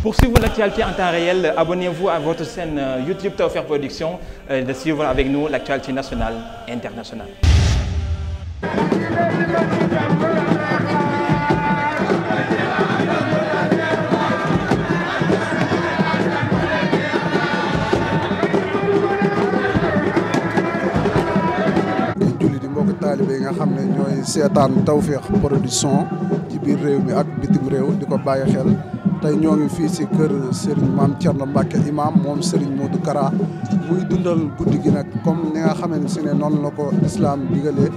Pour suivre l'actualité en temps réel, abonnez-vous à votre chaîne euh, YouTube Tawfekh Production euh, et de suivre avec nous l'actualité nationale internationale. julli di mbokk taalibe nga xam ne ñooy seetaan Tawfekh Production ci biir réew mi ak bitim réew di ko bàyyi xel tey ñoo fii si kër Serigne Mame Thierno Mbacke imam moom Serigne Modou Kara muy dundal guddi gi nag comme ni nga xamante si ne noonu la ko islam digalee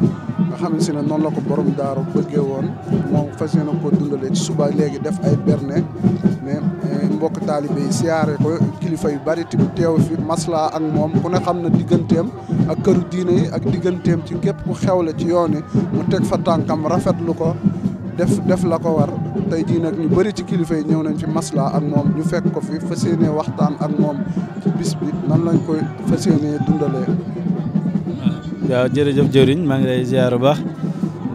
nga xamante si ne noonu la ko borom daaru bëggee woon moom fas yéene ko dundalee ci suba léegi def ay berne mais eh, mbokk taalibe yi siyaare ko kilifa yu bari ti teew fi masla ak moom ku ne xam na digganteem ak këru diine yi ak digganteem ci képp ku xewle ci yoon yi mu teg fa tànkam rafet lu ko def def la ko war tey jii nag ñu bari ci kilifa yi ñëw nañ ci masla ak moom ñu fekk ko fi fas yéene waxtaan ak moom ci bis bi nan lañ koy fas yéene dundalee. waaw jërëjëf jëriñ maa ngi lay ziar bu baax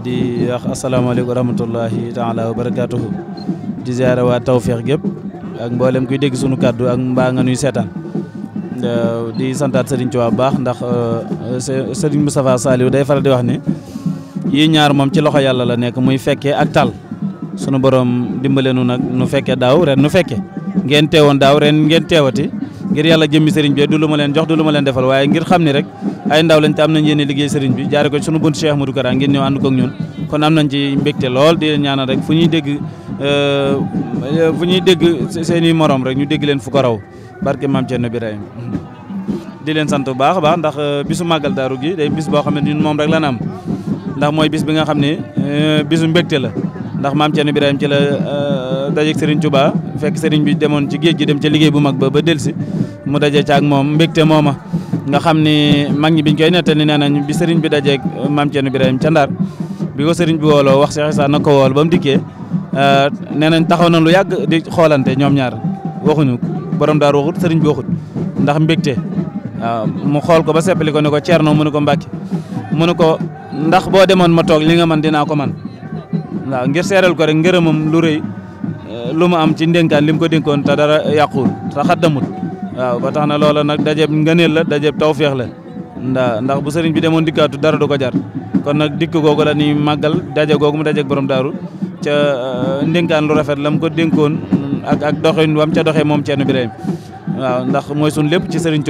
di wax asalaamaaleykum wa rahmatullahi taala wa barakaatuhu di ziar waa tawféex gépp ak mboolem kuy dégg sunu kàddu ak mbaa nga nuy seetaan di santaat Serigne Touba bu baax ndax euh, Serigne Moustapha Saliou day faral di wax ni. yi ñaar moom ci loxo yàlla la nekk muy fekkee ak tal sunu borom dimbale nu nag nu fekke daaw ren nu fekkee ngeen teewoon daaw ren ngeen teewati ngir yàlla jëmmi sëriñ bi du lu ma leen jox du lu ma leen defal waaye ngir xam ni rek ay ndaw lañ te am nañ yéene liggéey sëriñ bi jaare ko sunu buntu Cheikh Ahmadou Kara ngeen ñëw ànd ko ak ñun kon am nañ ci mbégte lool di ñaanal rek fu ñuy dégg euh, fu ñuy dégg seen morom rek ñu dégg leen fu ko raw barke maam Thierno Birahim di leen sant bu baax a baax ndax euh, bisu màggal daaru gi day bis boo xam ne moom rek lan am ndax mooy bis bi nga xam ne euh, bisu mbégte la ndax maam Thierno Birahim ci la euh, dajeeg Serigne Touba fekk sëriñ bi demoon ci géej gi dem ca liggéey bu mag ba ba delsi mu daje ca ak moom mbégte mooma nga xam ni mag ñi biñ koy nettali nee nañ bi Serigne bi dajeeg euh, maam Thierno Birahim ca Ndar bi ko Serigne bi wooloo wax Cheikh Issa na ko wool ba mu dikkee nee nañ taxaw na lu yàgg di xoolante ñoom ñaar waxuñu borom daar waxut sëriñ bi waxut ndax mbégte mu xool ko ba seppali ko ne ko mu ne ko mu ne ko ndax boo demoon ma toog li nga man dinaa ko man waaw ngir seeral ko rek ngërëmam lu rëy eh, lu mu am ci ndénkaan li mu ko dénkoon ta dara yàquwul te xaddamut waaw ba tax na loola nag dajeb ngëneel la taw tawféex la ndaa ndax bu sëriñ bi demoon dikkaatu dara du ko jar kon nag dikk googu la ni màggal daje googu mu dajeeg borom daaru ca eh, ndénkaan lu rafet la mu ko dénkoon ak ak doxin waam ca doxee moom Ceerno Birahim waaw ndax mooy sun lépp ci sëriñ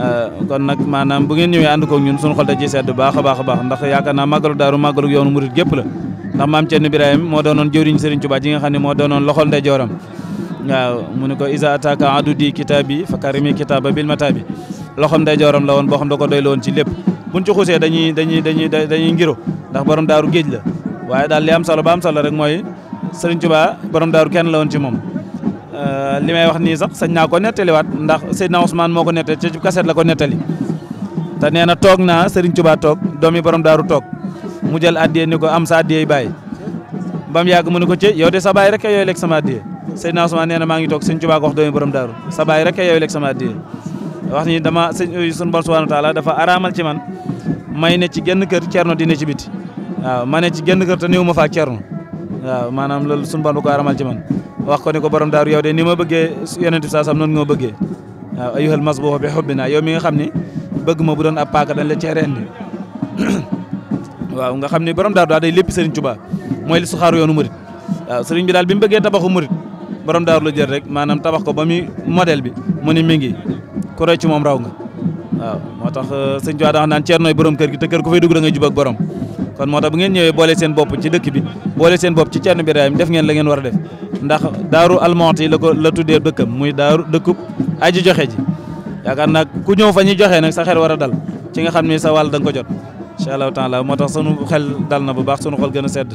Euh, kon nag maanaam bu ngeen ñëwee ànd koog ñun suñu xol sedd baax a baax baax ndax yaakaar naa màggalu daaru màggalu yoonu murit gépp la ndax maam Thierno Birahim moo doonoon jëwriñ Serigne Touba ji nga xam ne moo doonoon loxol ndeyjooram waaw mu ne ko isa ataka adudi kitaabi fa karimi kitaaba bil mataabi loxom ndeyjooram la woon boo xam da ko doy la woon ci lépp buñ ci xuusee dañuy dañuy dañuy dañuy ngiro ndax borom daaru géej la waaye daal li am solo ba am solo rek mooy Serigne Touba borom daaru kenn la woon ci moom Euh, li may wax nii sax sañ naa ko nettaliwaat ndax Seydina Ousmane moo ko nettali ci kaset la ko nettali te na toog naa Serigne Touba toog doomi borom daaru toog mu jël addiyee ni ko am sa addiyee bàyyi ba mu yàgg mu ne ko ci yow de sa baay rek yooyu lekk sama addiyee Seydina Ousmane nee na maa ngi toog Serigne Touba ko wax doomi borom daaru sa baay rek yooyu lekk sama addiyee wax nii dama sëñ sunu borom subhanahu wa dafa araamal ci man may ne ci genn kër cerno dina ci biti waaw ma ne ci genn kër te néew ma faa maanaam loolu sunu borom ci man wax ko ni ko borom daaru yow de ni ma bëggee yonent bi saa sam noonu nga ma bëggee waaw be masbuux bi naa yow mi nga xam ni bëgg ma bu doon a paaka dañ le cee rendi waaw nga xam ni borom daaru daal day lépp Serigne Touba mooy li suxaaru yoonu murit waaw Serigne bi daal bi mu bëggee tabaxu murit borom daaru la jël rek maanaam tabax ko ba muy modèle bi mu ni mi ngi ku roy moom raw nga waaw moo tax euh, Serigne Touba da wax naan ceernooy borom kër gi te kër ku fay dugg da jub ak borom kon moo tax bu ngeen ñëwee boole seen bopp ci dëkk bi boole seen bopp ci Cerno Birahim def ngeen la ngeen war a def ndax daaru almonte yi la ko la tuddee dëkkam muy daaru dëkkub aji joxe ji yaakaar nag ku ñëw fa ñuy joxee nag sa xel war a dal ci nga xam ne sa wàll da nga ko jot incha allahu taala moo tax sunu xel dal na bu baax sunu xol gën a sedd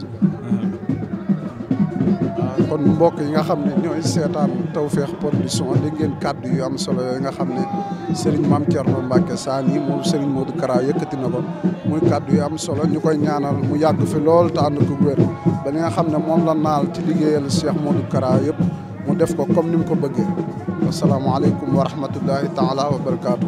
kon mbokk yi nga xam ne ñooy seetaan Tawfekh Production di ngeen kàddu yu am solo yooyu nga xam ne Serigne Mame Thierno Mbacke Sany moom Serigne Modou Kara yëkkati na ko muy kàddu yu am solo ñu koy ñaanal mu yàgg fi lool te ànd ko wér ba li nga xam ne moom la naal ci liggéeyal Cheikh Modou Kara yëpp mu def ko comme ni mu ko bëggee asalaamaaleykum wa rahmatullahi taala wa barakaatu.